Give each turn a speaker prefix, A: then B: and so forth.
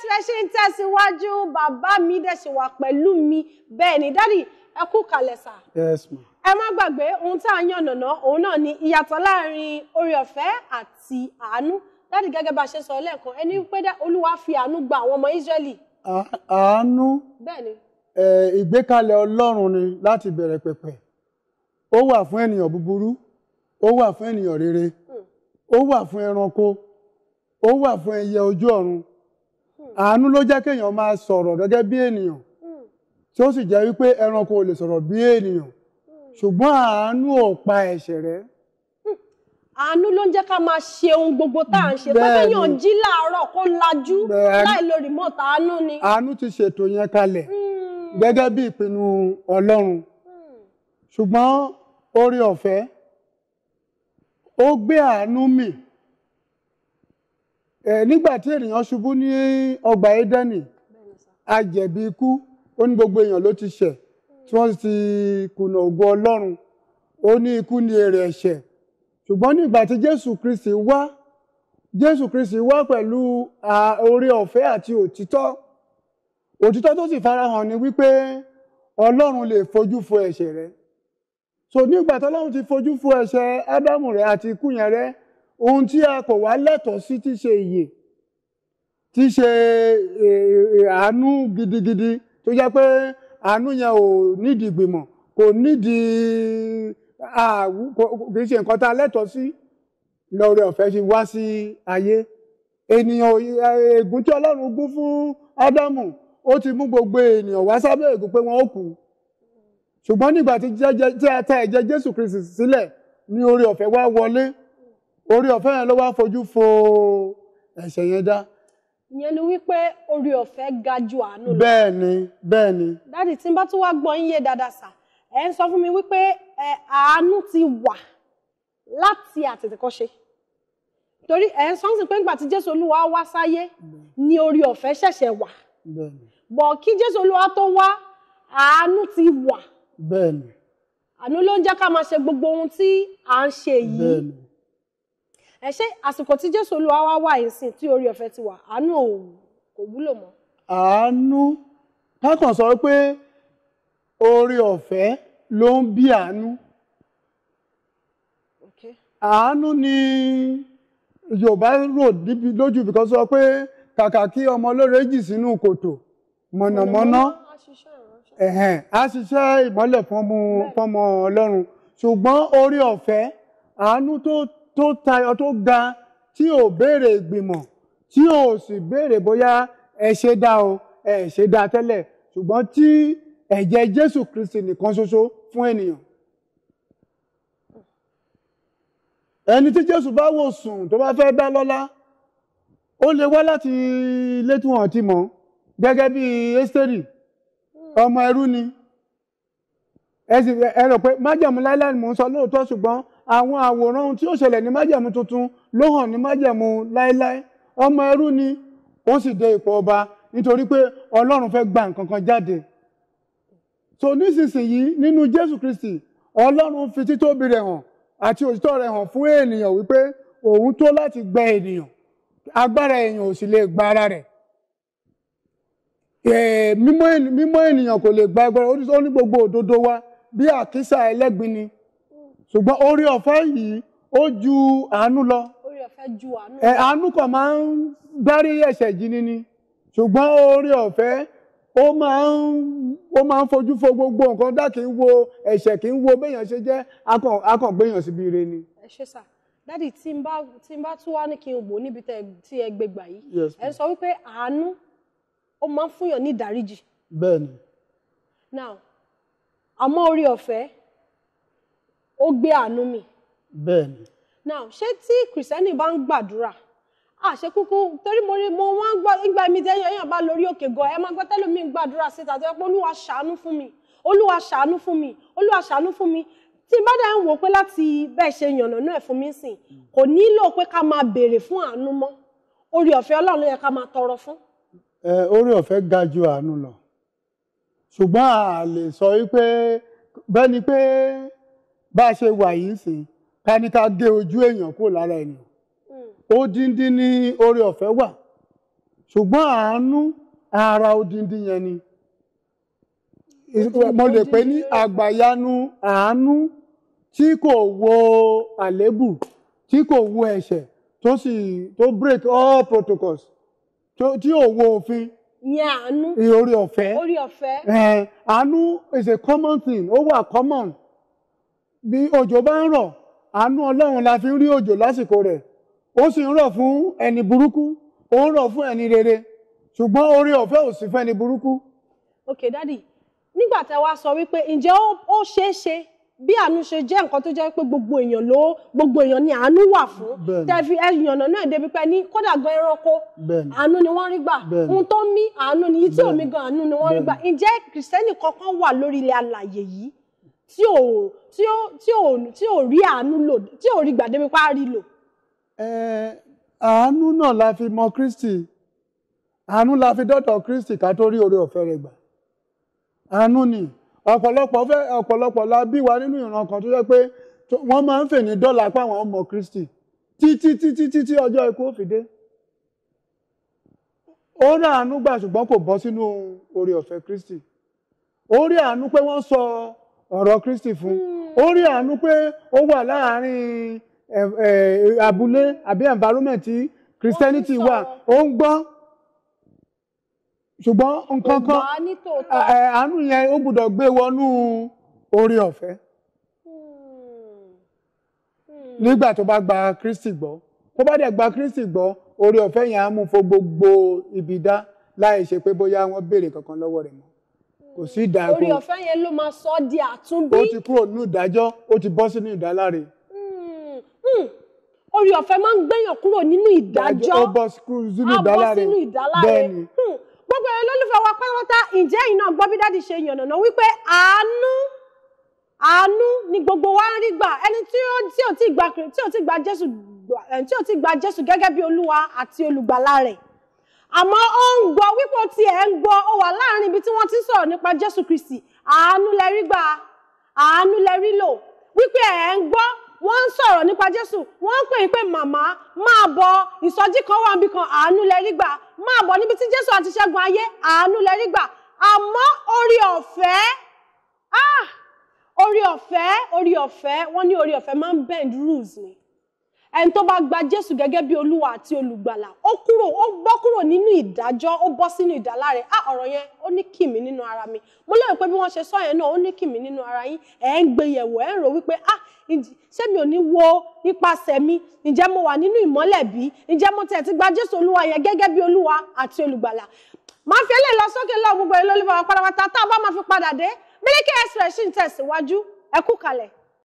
A: tilẹ̀ ṣe ń tẹ̀síwájú bàbá mi dẹ̀ ṣe wà pẹ̀lú mi bẹ́ẹ̀ ni dádì ẹ kú kalẹ̀ sà. ẹ má gbàgbé ohun tá a yan nànà òun náà ni ìyàtọ̀ láàrin oore ọ̀fẹ́ àti àánú dádì gẹ́gẹ́ bá a ṣe sọ lẹ́ẹ̀kan ẹni pé olúwa fi àánú gba àwọn ọmọ Ísírẹ́lì.
B: àánú ìgbékalẹ̀ ọlọ́run ni láti bẹ̀rẹ̀ pẹ̀pẹ̀ ó wà fún ènìyàn búburú ó wà fún ènìyàn rere hmm. ó wà fún ẹranko ó wà fún ẹyẹ ojú ọ̀run àánú ló jẹ́ kéèyàn máa sọ̀rọ̀ gẹ́gẹ́ bí ènìyàn tí ó sì jẹ́ wípé ẹranko ò lè sọ̀rọ̀ bí ènìyàn ṣùgbọ́n àánú ò pa ẹ̀ṣẹ̀ rẹ̀
A: àánú ló ń jẹ́ ká máa ṣe ohun gbogbo tá à ń ṣe pé kéèyàn jí láàárọ̀ kó lajú láì lo remote àánú ni.
B: àánú ti ṣètò yẹn kalẹ̀ hmm. gẹ́gẹ́ bí ìpinnu ọlọ́run hmm. ṣùgbọ́n oore ọ̀fẹ́ ó gbé àánú mì. Mm nígbà tí ènìyàn ṣubú ní ọgbà Édẹ́nì ajẹ̀bi ikú ó ní gbogbo èèyàn ló ti ṣẹ̀ tí wọ́n ti kùnà ògo Ọlọ́run ó ní ikú ní èrè ẹ̀ṣẹ̀ ṣùgbọ́n nígbà tí Jésù Kristi wá Jésù Kristi wá pẹ̀lú oore ọ̀fẹ́ àti òtítọ́ òtítọ́ tó sì farahàn ni wípé Ọlọ́run lè fojú fo ẹ̀ṣẹ̀ rẹ so nígbà tí Ọlọ́run ti fojú fo ẹ̀ṣẹ̀ Ádámù rẹ àti ikú yẹn rẹ ohun tí a kò wá lẹ́tọ̀ọ́ sí ti ṣe ìyè ti ṣe e, e, àánú gidigidi tó jẹ́ pé àánú yẹn ò nídìí ìgbìmọ̀ kò nídìí kì í ṣe nǹkan tá a lẹ́tọ̀ọ́ sí lórí ọ̀fẹ́ ṣe wá sí ayé ènìyàn ègún tí Ọlọ́run gún fún Ádámù ó ti mú gbogbo ènìyàn wá sábẹ́ ègún pé wọ́n ó kú ṣùgbọ́n nígbà tí a tẹ ẹ̀jẹ̀ Jésù Kristi sílẹ̀ ni oore ọ̀fẹ́ wá wọlé orí ọ̀fẹ́ yẹn ló wá fojú fo ẹ̀ṣẹ̀ yẹn dá.
A: ìyẹn ni wípé orí ọ̀fẹ́ ga ju àánú lọ. bẹ́ẹ̀
B: ni bẹ́ẹ̀ ni.
A: dáàdì tí n bá tún wá gbọ́ yín yé dáadáa sà ẹ̀ ń sọ fún mi wípé àánú ti wà láti àtètèkọ́ṣe torí ẹ̀ ń sọ́nsìn pé ńgbà tí jésù olúwa wá sáyé ni orí ọ̀fẹ́ ṣẹ̀ṣẹ̀ wà bọ̀ kí jésù olúwa tó wá àánú ti wà àánú ló ń jẹ́ ká máa ṣe gbogbo ohun tí à ń ṣe
B: yìí
A: ẹ ṣe àsìkò tí jésù wa wá wà yìí sìn tí orí ọ̀fẹ́ anu wà àánú òun kò wúlò mọ́.
B: àánú kákan sọ pé orí ọ̀fẹ́ ló ń bí àánú àánú ni yorùbá rò lójú bìkọ́ sọ pé kàkà kí ọmọ olóore jì sínú kòtò mọ̀nàmọ́ná á ṣiṣẹ́ ìmọ́lẹ̀ fún ọmọ ọlọ́run ṣùgbọ́n orí ọ̀fẹ́ àánú tó tó tayọ tó ga tí ò béèrè ìgbìmọ̀ tí ò sì béèrè bóyá ẹ ṣe dá o ẹ ṣe dá tẹ́lẹ̀ ṣùgbọ́n tí ẹ̀jẹ̀ Jésù Kristi nìkan ṣoṣo fún ènìyàn. ẹni tí Jésù bá wò sùn tó bá fẹ́ dá lọ́lá ó lè wá láti ilé tí ti mọ̀ gẹ́gẹ́ bí Ẹ́sítérì ọmọ ẹrú ni ẹ sì ẹ rò pé májẹ̀mú láíláí mò ń sọ lóòótọ́ ṣùgbọ́n àwọn àwòrán ohun tí ó ṣẹlẹ̀ ní májẹ̀mú tuntun ló hàn ní májẹ̀mú láéláé ọmọ ẹrú ni ó sì dé ipò ọba nítorí pé ọlọ́run fẹ́ gba nǹkan kan jáde so nísinsìnyí nínú jésù kristi ọlọ́run fi títóbi rẹ̀ hàn àti òtítọ́ rẹ̀ hàn fún ènìyàn wípé òun tó láti gba ènìyàn agbára èèyàn ò sì lè gba ara rẹ̀ mímọ́ ènìyàn kò lè gba agbára ó ní gbogbo òdodo wa bí àkísà ẹlẹ́gbin ni ṣùgbọ́n orí ọ̀fẹ́ yìí ó ju àánú lọ
A: orí ọ̀fẹ́ ju àánú
B: àánú kan máa ń gbárí ẹ̀ṣẹ̀ jìnnì nini ṣùgbọ́n orí ọ̀fẹ́ ó máa ń fojú fo gbogbo nǹkan dá n wo ẹ̀ṣẹ̀ kí n wo béèyàn ṣe jẹ́ akàn gbéyàn síbi ire ni. ẹ ṣe
A: sà dádì tí n bá tún wá ní kí n wò níbi tí ẹ yìí ẹ sọ wípé àánú ó máa ń fúnyàn ní ó gbé àánú mi. bẹ́ẹ̀ni. now ṣé tí kìrìsìtẹ́nì bá ń gbàdúrà àṣẹ kúkú torí mo rí mo wọ́n gbọ́ ìgbà mi tẹ́yìn èèyàn bá lórí òkè gan ẹ máa gbọ́ tẹ́lómi ń gbàdúrà síta tó yẹ pé olúwa ṣàánú fún mi olúwa ṣàánú fún mi olúwa ṣàánú fún mi tí bá dá ń wò pé láti bẹ́ẹ̀ ṣe yànnà náà fún mi sìn kò nílò pé ká máa béèrè fún àánú mọ́ orí ọ̀fẹ́ ọlọ́run ló yẹ ká máa tọrọ
B: fún. ẹ orí ọ̀fẹ́ ga ju àánú lọ ṣùgbọ́n a lè sọ wípé bẹ́ẹ̀ ni pé bá a ṣe wà yìí sìn ká ní ká dé ojú èèyàn kúrò lára ènìyàn hmm. ó díndín ní oore ọ̀fẹ́ wà ṣùgbọ́n àánú ara odindi yẹn ni mo lè pè ní àgbàyanu àánú tí kò wo àlébù tí kò wo ẹ̀ṣẹ̀ tó sì tó break all protocols tí ò wo òfin
A: ìyẹn àánú orí ọ̀fẹ́
B: àánú is a common thing ó wà common bí òjò bá ń rọ̀ àánú ọlọ́run la fi ń rí òjò lásìkò rẹ̀ ó sì ń rọ̀ fún ẹni burúkú ó ń rọ̀ fún ẹni rere ṣùgbọ́n oore ọ̀fẹ́ ò sí fún ẹni burúkú.
A: ok dadi nígbà tá a wá sọ wípé ǹjẹ́ ó ṣeé ṣe bí àánú ṣe jẹ́ nǹkan tó jẹ́ pé gbogbo èèyàn ló gbogbo èèyàn ni àánú wà fún tẹ̀fi ẹ̀yàn náà débi pé ní kódà gan ẹranko àánú ni wọ́n rí gbà ohun tó ń mí àánú ni yìí tí omi gan àánú ni wọ́n rí gbà ǹjẹ́ kìrìsìtẹ́nì kankan wà lórí ilẹ̀ alàyè yìí tí ò tí ò tí ò tí ò rí àánú lò tí ò rí gbàdébípá rí lò.
B: àánú náà la fi mọ Kristi àánú la fi dọ́tọ̀ Kristi ká tó rí oore ọ̀fẹ́ rẹ̀ gbà àánú ni ọ̀pọ̀lọpọ̀ fẹ́ ọ̀pọ̀lọpọ̀ la bí wa nínú ìran kan tó jẹ́ pé wọ́n máa ń fè ní dọ́là páwọn ọmọ Kristi títí títí títí ọjọ́ ikú ó fi dé ó rí àánú gbà ṣùgbọ́n kò bọ́ sínú oore ọ̀fẹ́ Kristi ó rí àánú pé wọ́n sọ. So, ọ̀rọ̀ Kristi fún hmm. ó rí àánú pé ó wà láàárín abúlé àbí environment tí Christianity wà ó ń gbọ́ ṣùgbọ́n nǹkan kan àánú yẹn ó gbọ́dọ̀ gbé wọnú oore ọ̀fẹ́ hmm. Hmm. nígbà tó bá gba Kristi gbọ́ tó bá dẹ̀ gba Kristi gbọ́ oore ọ̀fẹ́ yẹn á mú fo gbogbo ibi dá láì ṣe pé bóyá wọ́n béèrè kankan lọ́wọ́ rẹ̀ mọ́ kò sí ìdá ẹ̀kọ́ orí ọ̀fẹ́ yẹn ló máa
A: sọ ọ́ di àtúnbí. ó ti
B: kúrò nínú ìdájọ́ ó ti bọ́ sínú ìdáláre.
A: Hmm, hmm. orí ọ̀fẹ́ máa ń gbẹ̀yàn kúrò nínú ìdájọ́ ó bọ́ sínú ìdáláre bẹ́ẹ̀ ni. Hmm. gbogbo ẹ̀rọ lólùfẹ́ wa pátápátá ǹjẹ́ iná gbọ́ bí dáàdi ṣe yànnàná wípé àánú àánú ni gbogbo wa ń rí gbà ẹni tí ó tí ò tí gba Jésù gẹ́gẹ́ bí Olúwa àti olùgbàlà rẹ̀ àmọ́ ó ń gbọ́ wípé tí ẹ̀ ń gbọ́ ó wà láàrin ibi tí wọ́n ti sọ̀rọ̀ nípa Jésù Kristi àánú lẹ́rí gbà àánú lẹ́rí lò wípé ẹ̀ ń gbọ́ wọ́n ń sọ̀rọ̀ nípa Jésù wọ́n ń pè é pé màmá máa bọ̀ ìsọjí kan wà níbi kan àánú lẹ́rí gbà máa bọ̀ níbi tí Jésù àti ṣẹ́gun ayé àánú lẹ́rí gbà àmọ́ orí ọ̀fẹ́ ah! orí ọ̀fẹ́ orí ọ̀fẹ́ wọ́n ní orí ọ̀fẹ́ máa ń bend rules ni ẹni tó bá gba jésù gẹ́gẹ́ bí olúwa àti olùgbàlà ó kúrò ó bọ́ kúrò nínú ìdájọ́ ó bọ́ sínú ìdáláre á ah, ọ̀rọ̀ yẹn ó ní kìmí nínú ara mi mo lérò pé bí wọ́n ṣe sọ yẹn náà ó ní kìmí nínú ara yín ẹ̀ ń gbé yẹ̀wò ẹ̀ ń rò wípé á ah, ṣé mi ò ní wo nípasẹ̀ mi ǹjẹ́ mo wà nínú ìmọ́lẹ̀ bí ǹjẹ́ mo tẹ̀ ti gba jésù olúwa yẹn gẹ́gẹ́ bí olúwa àti olùgbàlà máa fi ẹlẹ́ lọ sókè lọ gbogbo ìlú olúwa pátápátá tá a bá máa fi padà dé Mílíkì Express ṣì ń tẹ̀síwájú ẹ kalẹ̀.